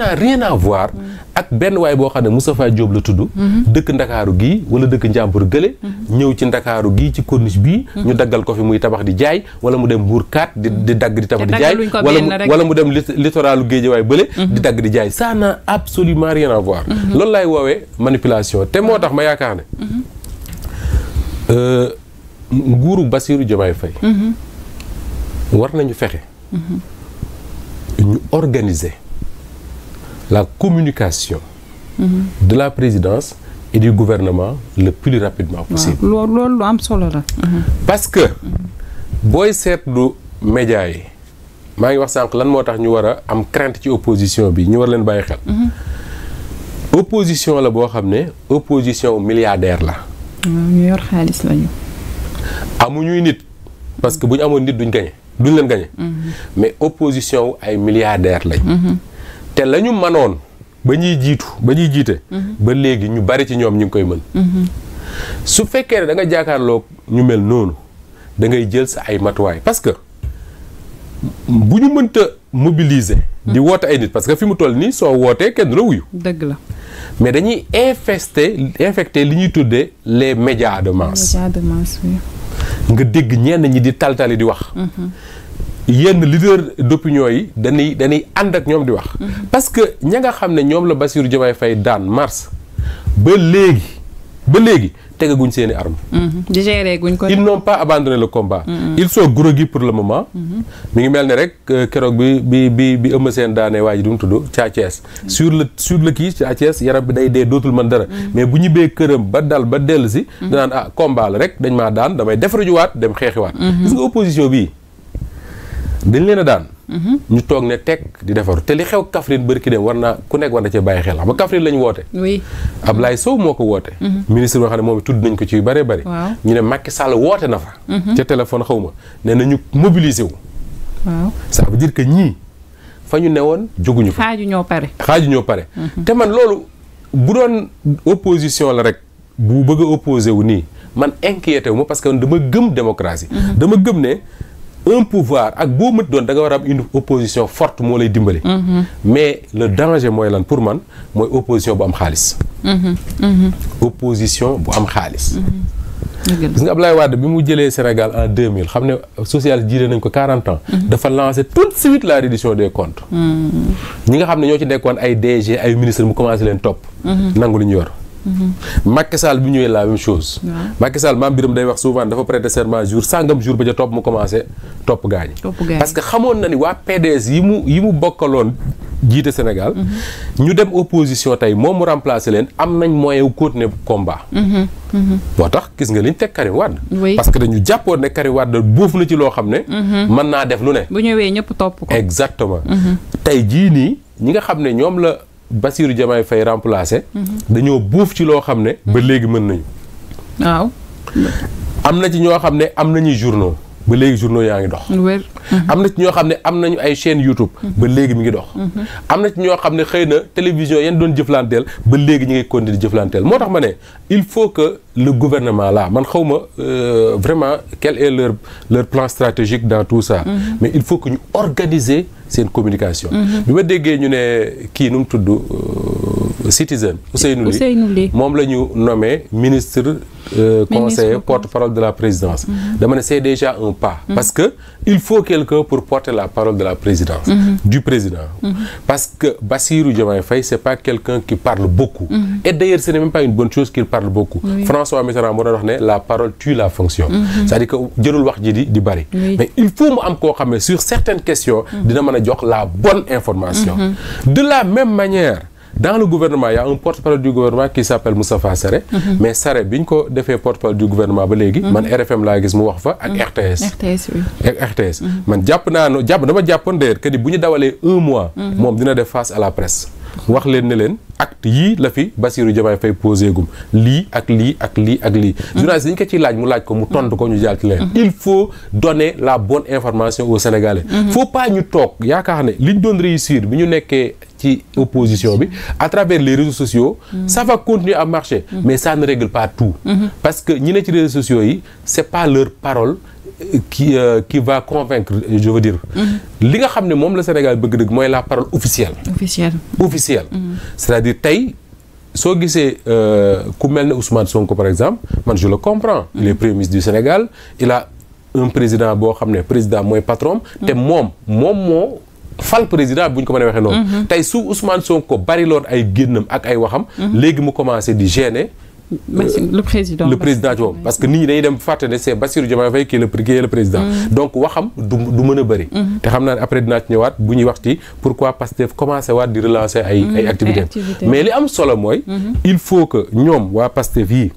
n'a rien ak benn waay boo xam ne Moustapha Diop la tudd dëkk ndakaaru gii wala dëkk njàmbur gële ñëw ci ndakaaru gii ci corniche bi ñu daggal ko fi muy tabax di jaay wala mu dem buur 4 di dagg di tabax di jaay wala mu dem littoralu Géejawaay bële mhm. di dagg di jaay ça n'a absolument rien à voir mhm. loolu laay woowee manipulation te moo tax ma yaakaar ne mhm. euh, nguuru Bassirou Diomaye Faye war nañu fexe ñu organiser la communication de la présidence et du gouvernement le plus rapidement possible loolu loolu lu am solo la mhm. parce que booy seetlu média yi maa ngi wax sànq lan moo tax ñu war a am crainte ci opposition bi ñu war leen bàyyi xel mhm. opposition la boo xam ne opposition milliardaire la ñu yor xaalis lañu amuñuy nit parce que bu ñu amoon nit duñ gañe duñ leen gañe mhm. mais opposition wu ay milliardaire lañ te la ñu manoon ba ñuy jiitu ba ñuy jiite. Mhm. ba léegi ñu bari ci ñoom ñu ngi koy mën. Mhm. su fekkee ne da nga jàkkaarloog ñu mel noonu da ngay jël sa ay matuwaay parce que bu ñu mënta mobiliser. Mhm. di woote ay nit parce que fi mu toll nii soo wootee kenn du la wuyu. la mais dañuy infesté infecté li ñuy tuddee les médias de masse. médias de masse nga dégg ñenn ñi di taltali di wax. yenn leader d'opinion yi dañuy dañuy ànd ak ñoom di wax. Mhm. parce que ña nga xam ne ñoom la Bassirou Diomaye fay daan mars ba léegi ba léegi tegaguñ seen i armes. Mhm. digéré guñ ko. ils n'ont pas abandonné le combat. Mhm. ils sont pour le moment. mu ngi mel ne rek euh, keroog bi bi bi bi ëmb seen daane waa ji du mu sur le sur le kii ca Thiès yaram bi day dee dootul man dara. mais bu ñu bee këram ba dal ba dellu si. danaan ah combat la rek dañ maa daan damay defarajuwaat dem xeexiwaat. gis nga opposition dañ leen a daan. ñu toog ne teg di defaru te li xew Kaffrine bërki dem war naa ku nekk war na cee bàyyi xel xam nga Kaffrine lañ woote. oui Ablaye Sow moo ko woote. Mhm. ministre boo xam ne moom tudd nañ ko ci yu bëree bëri. ñu ne Macky Sall woote na fa. Mhm. ca téléphone xaw ma nee na ñu mobiliser wu. waaw ça que ñii fa ñu ne woon jóguñu fa. xaaju ñoo pare. xaaju ñoo pare. Mhm. te man loolu bu doon opposition la rek bu bëgg a wu nii man inquiété wu parce que dama gëm démocratie. dama gëm ne. un pouvoir ak boo mët doon da nga war a am une opposition forte moo lay dimbali. Mm-hmm. mais le danger mooy lan pour man mooy opposition bu am xaalis. Mm-hmm. Mm-hmm. opposition bu am xaalis. gis nga Ablaye Wade bi mu jëlee Sénégal en mille xam ne socialiste jiite nañ ko 40 ans. dafa lancé tout de suite la reddition des comptes. ñi nga xam ne ñoo ci nekkoon ay DG ay ministre mu commencé leen topp. nangu lu ñu yor. Mm-hmm. Macky Sall bi ñëwee la même chose. Macky Sall maam biram day wax souvent dafa prêter serment jour sangam jour ba ca topp mu commencé topp gaañ. parce que xamoon na ni waa PDS yi mu yi mu bokkaloon jiite Sénégal. Mm-hmm. ñu dem opposition tey moom mu remplacer leen am nañ moyen wu continuer combat. Mm-hmm. moo tax gis nga liñ teg Karim Wade. parce que dañu jàppoon ne Karim Wade buuf na ci loo xam ne. man naa def lu ne. bu ñëpp topp ko. exactement. jii nii ñi nga xam ne ñoom la. Bassirou Diomaye fay remplacé. Mhm. dañoo buuf ci loo xam ne. ba mhm. léegi mën nañu. waaw. am na ci ñoo xam ne am na ñuy journaux. ba léegi journaux yaa ngi dox. Mm-hmm. am na ci ñoo xam ne am nañu ay chaîne YouTube. Mm-hmm. ba léegi mi ngi dox. Mm-hmm. am na ci ñoo xam ne xëy na télévision yan doon jëflanteel ba léegi ñu ngi continuer jëflanteel moo tax ma ne il faut que le gouvernement la man xaw ma euh, vraiment quel est leur plan stratégique dans tout ça. mais il faut que ñu organiser seen communication. bi ma déggee ñu ne kii nu tudd. Euh, Citizen Ousseynou Ly moom la ñu nommé ministre euh, conseiller porte-parole de la présidence mm-hmm. dama ne c'est déjà un pas mm-hmm. parce que il faut quelqu'un pour porter la parole de la présidence mm-hmm. du président parce que Bassirou Diomaye Faye c'est pas quelqu'un qui parle beaucoup et d'ailleurs ce n'est même pas une bonne chose qu'il parle beaucoup François Mitterrand moo doon wax ne la parole tue la fonction c'est-à-dire que jërul wax ji di di bari mais il faut mu am koo xam ne sur certaines a dans le gouvernement y a un porte-parole du gouvernement qui s'appelle Moustapha Sarré mhm. mhm. mais Sarré bi ñu ko defee porte-parole du gouvernement ba léegi mhm. man RFM laa gis mu wax fa ak RTS man jàpp naa no jàpp dama jàppoon d'ailleurs que ni bu ñu dawalee un mois moom dina def face à la presse wax leen ne leen ak yii la fi Bassirou Diomaye Faye posé gum lii ak lii ak lii ak li journaliste yi ñu ko ci laaj mu laaj ko mu tontu ko ñu jàll ci leen il faut donner la bonne information aux Sénégalais faut ñu toog yaakaar ci opposition bi à travers les réseaux sociaux ça va continuer à marcher mais ça ne règle pas tout parce que ñi ne ci réseaux sociaux yi c'est pa leur parole euh, qui euh, qui va convaincre je veux dire li nga xam ne moom la Sénégal bëgg dëgg mooy la parole officielle officielle officielle mm -hmm. c'est-à-dire tey soo gisee euh, ku mel ne Ousmane Sonko par exemple man je le comprends mm premier ministre du Sénégal il a un président boo xam ne président mooy patron mhm. te moom moom moo fal président bu ñu ko mën a waxee noonu. Mhm. tey su Ousmane Sonko bari loon ay génnam ak ay waxam. Mhm. léegi mu commencé di gêner. le président le président ci parce que nit ñi dañu dem fàtte ne c'est Bassirou Diomaye mhm. xam naa ne après dinaa ci ñëwaat bu ñuy waxti pourquoi Pastef commencé waat di relancer ay. ay activités mais li am solo mooy. il faut que ñoom waa Pastef yii.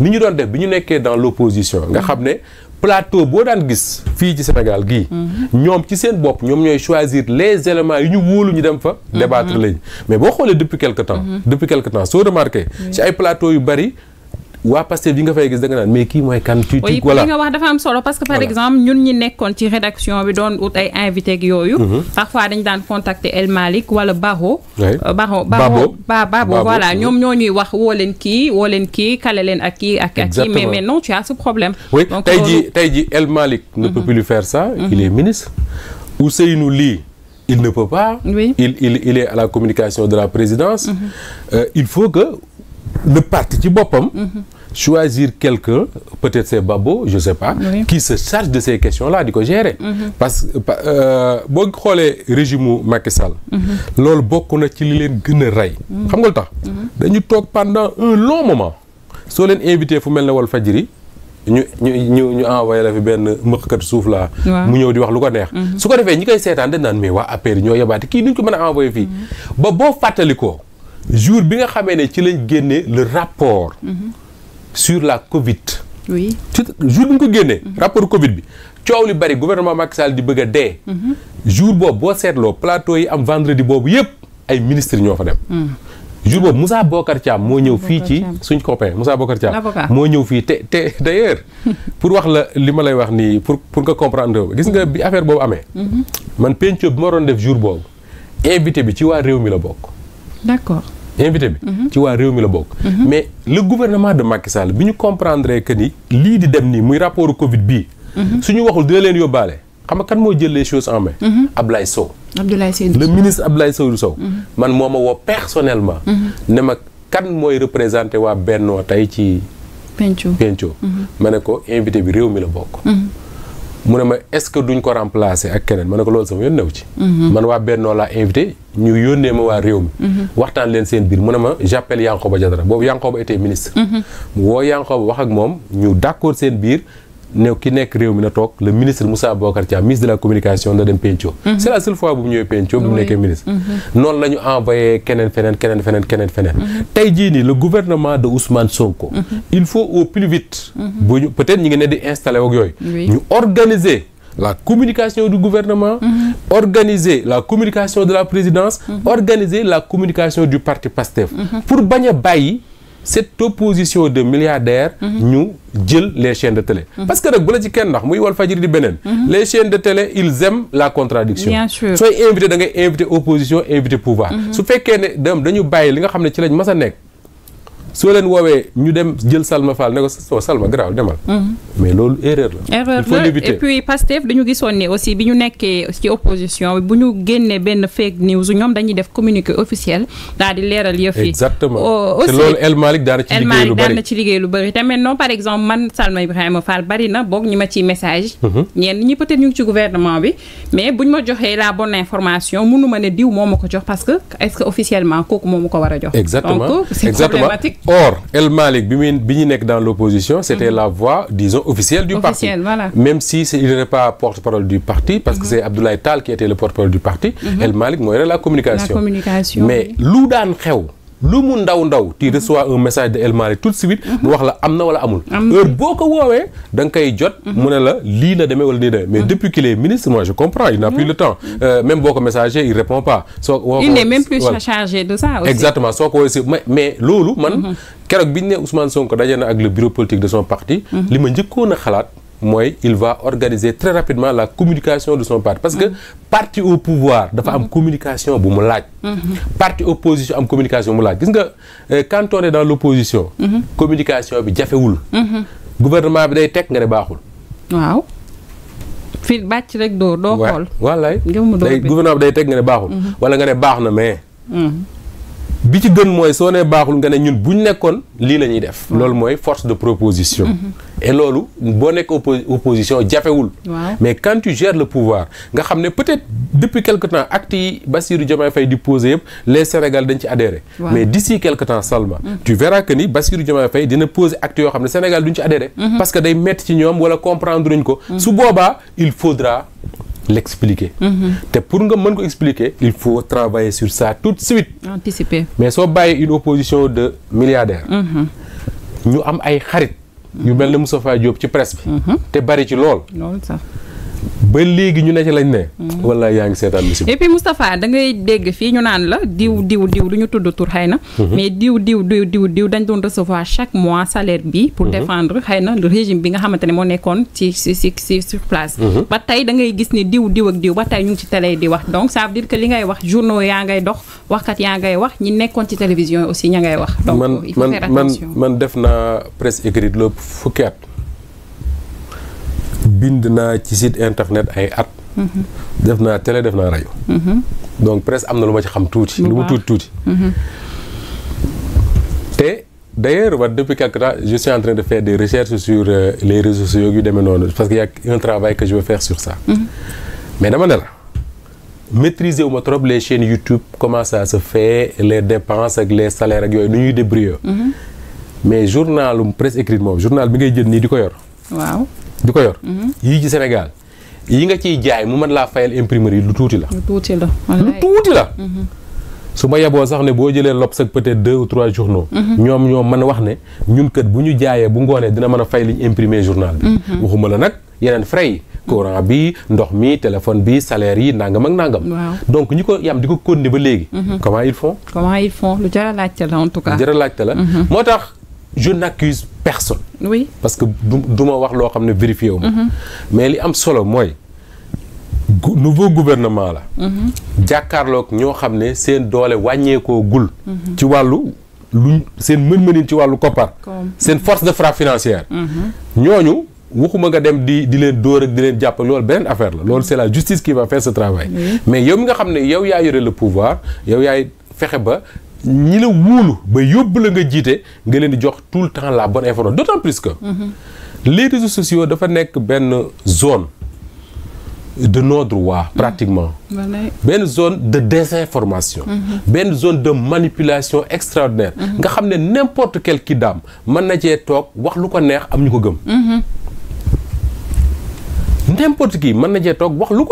ni ñu doon def bi ñu nekkee dans l'opposition nga xam ne. plateau boo daan gis fii ci Sénégal gi mhm. ñoom ci seen bopp ñoom ñooy choisir les éléments yi ñu wóolu ñu dem fa. Mhm. débattre lañu mais boo xoolee depuis quelque temps. Mhm. depuis quelque temps soo remarqué. ci ay plateau yu bari. waa Pastef yi nga fay gis da nga naan mais kii mooy kan. ci ci voilà li nga wax dafa am solo parce que par exemple ñun ñi nekkoon ci rédaction bi doon ut ay invité ak yooyu. Mhm. parfois dañ daan contacter El Malick wala Baro. Euh, Baro Baro Babo voilà mhm. ñoom ñoo ñuy wax woo leen kii woo leen kii kale leen ak kii ak ak kii. mais mais non tu as ce problème. donc tey jii tey jii El Malick. ne peut mhm. plus faire ça. il est ministre. Ousseynou Ly. il ne peut pas. oui il il il est à la communication de la présidence. Euh, il faut que. le parti ci boppam. Mhm. choisir quelque peut-être c'est Babo je sais pas. Oui. qui se charge de ces questions-là di ko gérer. Mhm. parce que euh, boo xoolee régime mu Macky Sall. Mhm. loolu bokk na ci li leen gën a rey. xam nga lu tax. dañu toog pendant un long moment. soo leen invité fu mel ne Walfadjri ñu ñu ñu ñu envoyé la fi benn mëqkat suuf laa. mu ñëw di wax lu ko neex. su ko defee ñi koy seetaan dañ naan mais waa APR ñoo yebaate kii duñ ko mën a envoyé fii. ba boo fàttalikoo. jour bi nga xamee ne ci lañ génne le rapport sur la Covid jour bi ñu ko génne rapport Covid bi coow li bari gouvernement Macky Sall di bëgg a dee jour boobu boo seetloo plateau yi am vendredi boobu yëpp ay ministre ñoo fa dem hmm. jour boobu Moussa Bocar Thiam moo ñëw fii ci suñ copain Moussa Bocar Thiam moo ñëw fii te te d'ailleurs pour wax la li ma lay wax nii pour pour nga comprendre gis nga bi affaire boobu amee hmm. man penco bi ma doon def jour boobu invité bi ci waa réew mi la bokk d'accord invité bi. Mhm. ci waa réew mi la bokk. Mhm. mais le gouvernement de Macky Sall bi ñu comprendre que ni lii di dem ni muy rapport Covid bii. Mhm. ñu waxul dina leen yóbbaale. xam nga kan moo jël les choses en main. Ablaye Sow. Abdoulaye Seydou Sow le ministre Ablaye Seydou Sow. man moo ma woo personnellement. ne ma kan mooy représenté waa Bennoo tey ci. penco penco. ma ne ko invité bi réew mi la bokk. mu ne ma est-ce que duñ ko remplacer ak keneen ma ne ko loolu sama yoon new ci. Mhm. man waa Bennoo laa invité ñu yónnee ma waa réew mi. Mhm. waxtaan leen seen biir mu ne ma j'appelle Yankoba Diatara boobu Yankoba était ministre. Mhm. mu woo Yankoba wax ak moom ñu d'accord seen biir. néew ki nekk réew mi na toog le ministre Moussa Bocar Thiam ministre de la communication na dem penco. Mhm. c' est la seule bu mu ñëwee penco bu mu nekkee ministre. Mhm. noonu la ñu envoyé keneen feneen keneen feneen mhm. tey jii nii le gouvernement de Ousmane Sonko. il faut au plus vite. peut être ñu ngi ne di installé ak yooyu. ñu organiser. la communication du gouvernement mm -hmm. organiser la communication de la présidence organiser la communication du parti PASTEF mm pour bañ a bàyyi cette opposition de milliardaires mhm. ñu jël les chaînes de télé mhm. parce que nag bu la ci kenn ndax muy Walfadjri di beneen mhm. les chaînes de télé ils aiment la contradiction sooy invité da ngay invité opposition invité pouvoir su fekkee ne dañu bàyyi li nga xam ne ci lañ mas a nekk soo leen woowee ñu dem jël Salma Fall ne ko soo Salma garaaw demal. Mhm. mais loolu erreur la. erreur la et puis Pastef dañu gisoon ne aussi bi ñu nekkee ci opposition bi bu ñu génnee benn fake su ñoom dañuy def communiqué officiel daal di leeral yëf yi. te oh, loolu El Malick daan ci liggéey lu bari El Malick daan na lu bari tamit non par exemple man Salma Ibrahima Fall bari na boog ñi ma ciy message. Mhm. ñenn ñi peut ñu ci gouvernement bi mais buñ ma joxee la bonne information mënu ne diw moo ma que est ce que officiellement kooku or El Malick bi muy ñu nekk dans l'opposition c'était mhm. la voix disons officielle du parti même si il n'est pas porte-parole du parti parce que mhm. c'est Abdoulaye Tall qui était le porte-parole du parti mhm. El Malick mooy la communication mais lu daan xew lu mu ndaw ndaw tu mhm. reçois un message de El Malick tout de suite mu mhm. wax la am na wala amul heure boo ko woowee danga nga koy jot mhm. mu ne la lii la demee wala nii demee mais depuis qu'il est ministre moi je comprends il n'a plus le temps euh, même boo ko messager il répond pas soo il n'est soo ko woowee si mais loolu man keroog ñu ne Ousmane Sonko daje na ak le bureau politique de son parti li ma njëkkoon xalaat mooy il va organiser très rapidement la communication de son parti parce que parti au pouvoir dafa am communication bu mu laaj parti opposition am communication mu laaj gis nga euh, quand on est dans l'opposition communication bi jafewul gouvernement bi day teg nga ne baaxul waaw fii bàcc rek doo doo xool wallaay day gouvernement day teg nga ne baaxul mhm. wala nga ne baax na mais mhm. bi ci gën mooy soo nee baaxul nga ne ñun bu ñu nekkoon lii la ñuy def loolu mooy force de proposition mhm. et loolu boo nekk opposition jafewul mais quand tu gères le pouvoir nga xam ne peut-être depuis quelque temps actes yi Bassirou Diomaye Faye di poser yëpp les Sénégalais dañ ci adhéré mais d'ici quelque temps seulement mm. tu verras que ni Bassirou Diomaye Faye dina poser actes yoo xam ne Sénégal duñ ci adhéré mm-hmm. parce que day metti ci ñoom wala comprendre uñ ko mm-hmm. su boobaa il faudra l'expliquer mm-hmm. te pour nga mën ko expliquer il faut travailler sur ça tout de suite anticiper mais soo bàyyi une opposition de milliardaires ñu am ay xarit yu mel ne Moustapha Diop ci presse bi. Mhm. te bari ci lool. lool sax ba léegi ñu ne ci lañ ne. Mm. wala yaa ngi seetaan musiba. et puis Moustapha da ngay dégg fii ñu naan la diw diw diw du ñu tudd xëy na. Mm-hmm. mais diw diw diw diw diw dañ doon recevoir chaque mois salaire bi. pour mm-hmm. défendre xëy na le régime bi nga xamante ne moo nekkoon ci ci ci sur mm-hmm. ba tey da ngay gis ni diw diw ak diw ba tey ñu ngi ci télé di wax donc ça veut dire que li ngay wax journaux yaa ngay dox waxkat yaa ngay wax ñi nekkoon ci télévision aussi ña ngay wax. donc il faut man man man def naa presse écrite lépp fukki at bind naa ci site internet ay at. Mhm. def naa télé def naa rajo. Mhm. donc presse am na lu ma ci xam tuuti. lu mu tuuti tuuti. Mhm. te d' ailleurs depuis quelque temps je suis en train de faire des recherches sur euh, les réseaux sociaux yu demee noonu parce que y' a un travail que je veux sur ça. mais dama ne la maîtriser wu ma trop les chaînes YouTube comment ça se fait les dépenses ak les salaires ak yooyu nu ñuy débrouiller. mais journalum presse écrite moom journal bi ngay jël nii di ko yor. di ko yor. Mhm. yii ci Sénégal yi nga ciy jaay mu mën laa fayal imprimerie lu tuuti la. lu tuuti la lu tuuti la. Mhm. su ma yeboo sax ne boo jëlee lops ak peut-être deux ou trois journaux mhm. ñoom ñoom mën wax ne ñun kët bu ñu jaayee bu ngoonee dina man a fay liñ imprimer journal bi waxuma la nag yeneen frais yi courant bi ndox mi téléphone bi salaire yi nangam ak nangam donc ñi ko yam di ko continuer ba léegi comment ils font comment ils font lu jar a laajte la en a la moo tax je n'accuse personne. oui parce que du du ma wax loo xam ne vérifié wu ma. Mhm. mais li am solo mooy nouveau gouvernement la. Mhm. jàkkaarlook ñoo xam ne seen doole wàññeekoo gul. Mhm. ci wàllu luñ seen mën-mënin ci wàllu koppar. seen force de fra financière. ñooñu waxuma nga dem di di leen dóor ak di leen jàpp loolu beneen affaire la loolu c'est la justice qui va faire ce travail. mais yow mi nga xam ne yow yaa yore la pouvoir yow yaay fexe ba. ñi la wóolu ba yóbbu la nga jiite nga leen di jox tout le temps la bonne information d' autant plus que. Mhm. les réseaux sociaux dafa nekk benn zone de non-droit mhm. pratiquement. benn zone de désinformation. Mhm. benn zone de manipulation extraordinaire. nga xam ne n' importe quel ki mën na cee toog wax lu ko neex am ñu ko gëm. n'importe qui mën na cee toog wax lu ko.